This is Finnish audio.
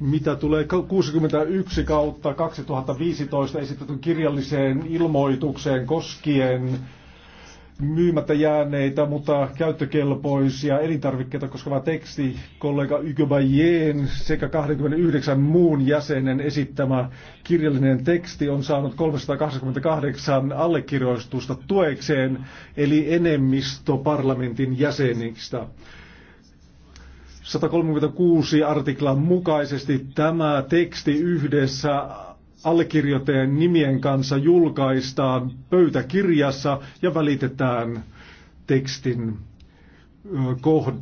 Mitä tulee 61 kautta 2015 esitetyn kirjalliseen ilmoitukseen koskien myymättä jääneitä, mutta käyttökelpoisia elintarvikkeita koskeva teksti kollega Yköbajeen sekä 29 muun jäsenen esittämä kirjallinen teksti on saanut 388 allekirjoitusta tuekseen, eli enemmistö parlamentin jäsenistä. 136 artiklan mukaisesti tämä teksti yhdessä allekirjoittajien nimien kanssa julkaistaan pöytäkirjassa ja välitetään tekstin kohdalla.